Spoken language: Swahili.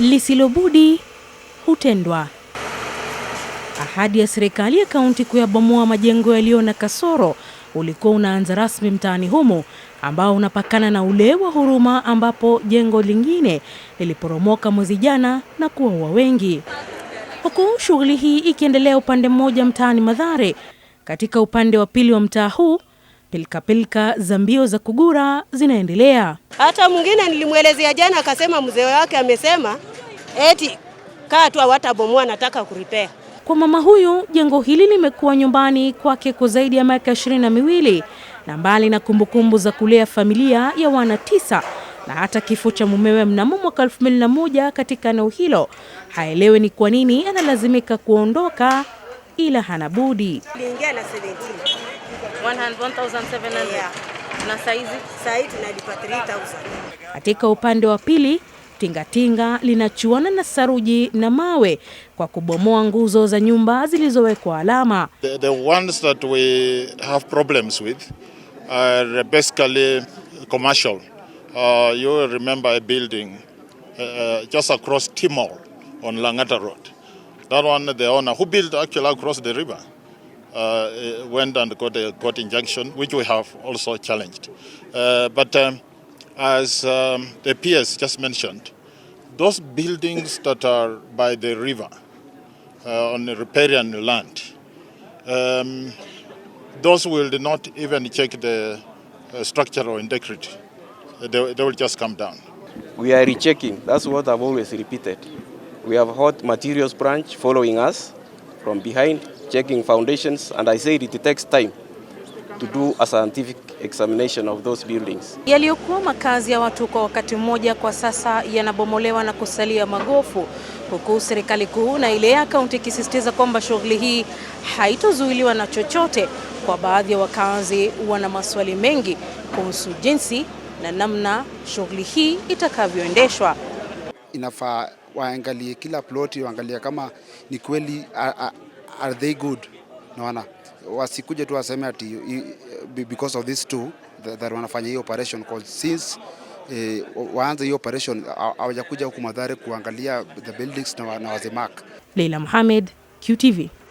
lisilobudi hutendwa. Ahadi ya serikali ya kaunti kuyabomoa majengo yaliyo na kasoro ulikuwa unaanza rasmi mtaani humo ambao unapakana na ule wa Huruma ambapo jengo lingine liliporomoka mwezi jana na kuwaua wengi. Huku shughuli hii ikiendelea upande mmoja mtaani madhare katika upande wa pili wa mtaa huu Pilkapilka za mbio za kugura zinaendelea. Hata mwingine nilimwelezea jana, akasema mzee wake amesema eti kaa tu hawatabomoa, nataka kuripea. Kwa mama huyu, jengo hili limekuwa nyumbani kwake kwa zaidi ya miaka ishirini na miwili na mbali na kumbukumbu za kulea familia ya wana tisa na hata kifo cha mumewe mnamo mwaka moja katika eneo hilo, haelewe ni kwa nini analazimika kuondoka, ila hana budi. Aliingia na 17 na saizi tunalipa 3,000. Katika upande wa pili tingatinga linachuana na saruji na mawe kwa kubomoa nguzo za nyumba zilizowekwa alama. The, the ones that we have problems with are basically commercial. Uh, you remember a building uh, uh, just across Timor on Langata Road. That one the owner who built actually across the river. uh, went and got a court injunction, which we have also challenged. Uh, but um, as um, the PS just mentioned, those buildings that are by the river uh, on the riparian land, um, those will not even check the uh, structural integrity. They, they will just come down. We are rechecking. That's what I've always repeated. We have hot materials branch following us from behind checking foundations, and I said it takes time to do a scientific examination of those buildings. Yaliyokuwa makazi ya watu kwa wakati mmoja kwa sasa yanabomolewa na kusalia magofu, huku serikali kuu na ile ya kaunti ikisisitiza kwamba shughuli hii haitozuiliwa na chochote. Kwa baadhi ya wakazi wana maswali mengi kuhusu jinsi na namna shughuli hii itakavyoendeshwa. Inafaa waangalie kila ploti, waangalie kama ni kweli are they good? Naona wasikuje tu waseme ati eh, because of these two that wanafanya hii operation called since eh, waanze hii operation hawajakuja huku Mathare kuangalia the buildings na, na Leila Mohamed, QTV.